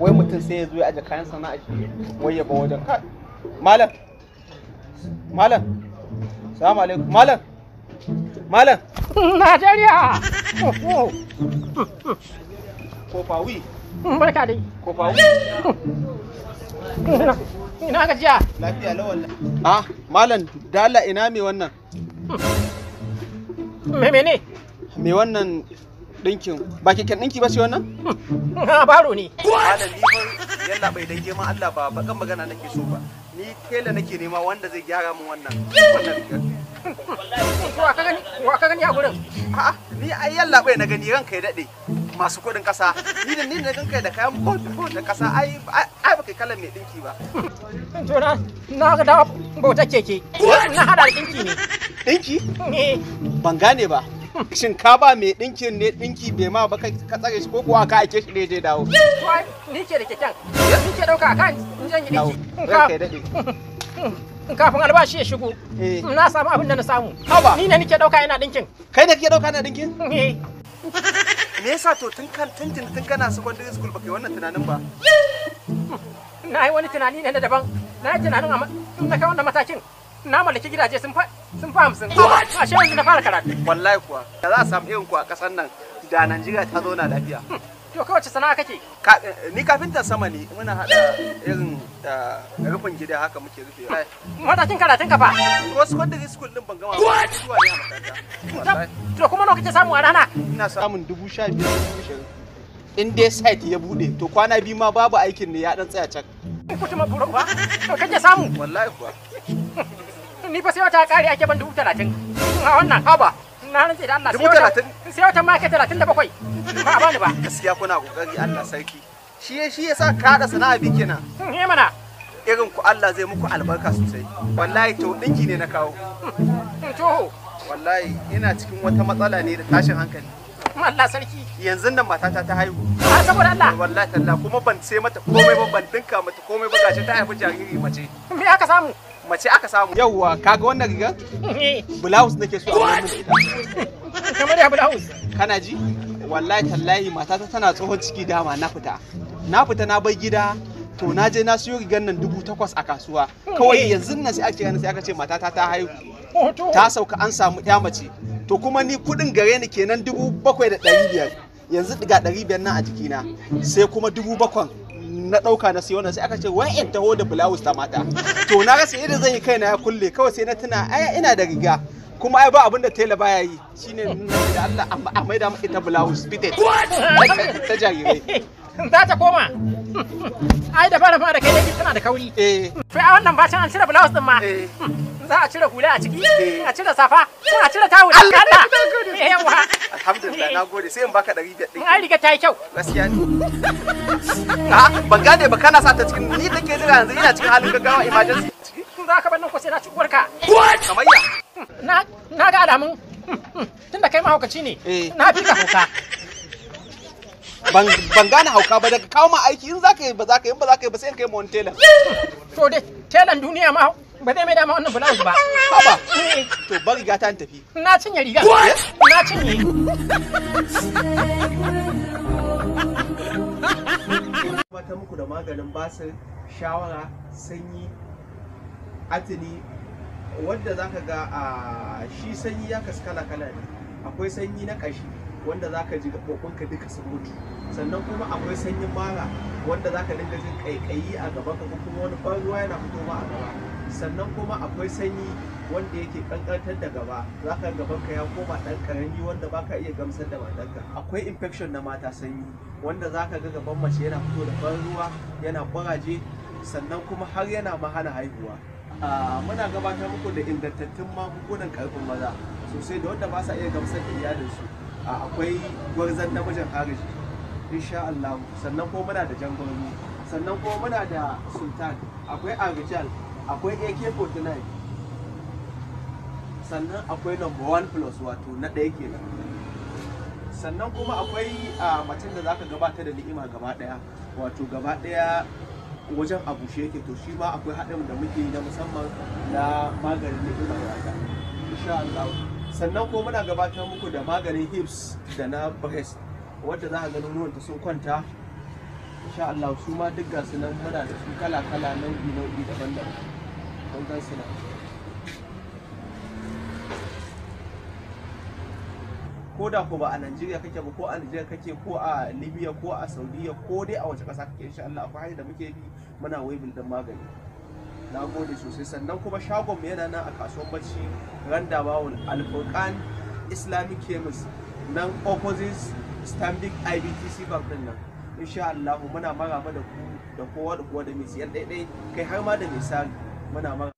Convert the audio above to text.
wai mutum sai ya zo ya aje kayan sana'a shi wai ya ba wajen ka malam malam salamu alaikum malam malam najeriya fawi barka dai fawi ina gajiya lafiya lawan ah malam dala ina me wannan me mene me wannan dinkin ba keken dinki ba shi wannan Ha ah, baro ne malami yalla bai dange ma Allah ba bakan magana nake so ba ni kela nake nema wanda zai gyara mu wannan wa ka gani wa ka gani a gurin A ni ai yalla bai na gani ranka ya dade masu kudin kasa. ni da ni da kanka da kayan bot da kasa ai ai baka kalan mai dinki ba to na na ga da bauta keke na hada dinki ne dinki eh. ban gane ba Shin ka ba mai ɗinkin ne ɗinki bai ma baka ka tsare shi ko kuwa ka ake shi je dawo. Ni ke da keken, ni ke ɗauka kan in jan ɗinki. Kafin albashi ya shigo, eh. na samu abin da na samu. Haba. Ni ne ni nike ɗauka yana ɗinkin. Kai ne kike ɗauka yana ɗinkin? Eh. Me yasa to tun kan tun tun kana secondary school baka yi wannan tunanin ba? Na yi wani tunani ne na daban, na yi tunanin a na kai wannan matakin. na mallaki gidaje sun fa sun fa hamsin a shi yanzu na fara karatu wallahi kuwa da za a samu irin kuwa a kasar nan da Najeriya ta zo na lafiya hmm. to kawai wace sana'a kake eh, ni kafin ta sama ne muna hada irin eh, rufin gida haka muke rufe hmm. matakin karatun kafa. ko su kwandiri school din ban gama ba zuwa ne a to kuma nawa kake samu a rana ina samun dubu sha biyar in dai site ya bude to kwana biyu ma babu aikin ne ya dan tsaya can kuma buru ba to kake samu wallahi kuwa ni fa sai wata kare ake ban dubu talatin a wannan haba na rantse da Allah dubu talatin sai wata ma talatin da bakwai ba a bani ba gaskiya kuna kokari Allah sarki shi shi yasa ka hada sana'a bi kenan hmm, eh mana irin ku Allah zai muku albarka sosai wallahi to dinki ne na kawo hmm, to wallahi ina cikin wata matsala ne da tashin hankali hmm, Allah sarki yanzu nan matata ta haihu a ah, saboda Allah eh, wallahi talla kuma ban sai mata komai ba ban dinka mata komai ba gashi ta haifi jariri mace me aka samu mace aka samu Yawwa kaga wannan rigar eh. blouse nake so a kamar ya blouse kana ji wallahi tallahi matata tana tsohon ciki dama na fita na fita na bai gida to na je na siyo rigar nan dubu takwas a kasuwa eh. kawai yanzu nan sai ake sai aka ce matata ta haihu oh, ta sauka an samu ɗaya mace to kuma ni kudin gare ni kenan dubu bakwai da ɗari biyar yanzu ga ɗari biyar nan a jikina sai kuma dubu bakwai na ɗauka na siyo na sai aka ce wai in taho da blouse ta mata to na rasa yadda zan yi kaina ya kulle kawai sai na tuna ai ina da riga kuma ai ba abin da tela baya yi shine da Allah a maida ita blouse fitted ta jarirai za ta koma ai da fara ma da kai dai tana da kauri eh to a wannan bacin an cire blouse din ma eh. za a cire hula a ciki eh. a cire safa a cire tawul Allah eh, yawa alhamdulillah nagode sai in baka 500 din ai riga ta yi kyau gaskiya ne ha ah, ban gane ba kana sa ta cikin ni take jira yanzu ina cikin halin gaggawa emergency za ka bar nan ko sai na ci uwarka kamayya na na ga alamun tunda kai mahaukaci ne na fi ka kuka ban gane hauka ba daga kawo ma aiki in za ka yi ba za ka yi ba za ka yi ba sai ka yi ma telan. to dai telan duniya ma ba zai mai dama wannan blouse ba. Haba to ba riga ta tafi. Na cinye riga. Na cinye. ta muku da maganin basu shawara sanyi atini wadda za ka ga a ah, shi sanyi ya kaskala kala ne akwai sanyi na ƙashi wanda zaka ji gaɓoɓinka duka su mutu sannan kuma akwai sanyin mara wanda zaka dinga jin ƙaiƙayi a gaban ka kuma wani ban ruwa yana fitowa a gaba sannan kuma akwai sanyi wanda yake kankantar da gaba zaka gaban ka ya koma ɗan ƙarami wanda baka iya gamsar da matarka akwai infection na mata sanyi wanda zaka ga gaban mace yana fito da ban ruwa yana ƙuraje sannan kuma har yana mahana haihuwa muna gabatar muku da ingantattun magungunan karfin maza sosai da wanda ba sa iya gamsar da iyalinsu akwai gwarzon namijin harishi insha Allah sannan ko muna da jan gwarzo sannan ko muna da sultan akwai Abijal. akwai ak-49 sannan akwai number one plus wato na ɗaya nan. sannan kuma akwai a macen da za ka gabata da ni'ima gaba ɗaya wato gaba ɗaya wajen a bushe yake to shi ma akwai haɗin da muke yi na musamman na maganin ni'ima yata insha Allah sannan ko muna gabatar muku da maganin hips da na breast wanda za a ga nonuwan ta sun kwanta insha Allah su ma duk gasu nan muna da su kala kala nau'i nau'i daban-daban kun gan su ko da ko ba a Najeriya kake ba ko a Najeriya kake ko a Libya ko a Saudiya ko dai a wace kasa kake insha Allah akwai hanyar da muke bi muna waibin din magani na gode sosai sannan kuma shagon yana nan a kasuwar bacci randa bawul alfurkan islamic chemist nan opposite stanbic ibtc bank din nan insha Allah muna maraba da ku da kowa da kowa da mai siyar daidai kai har ma da mai sari muna maraba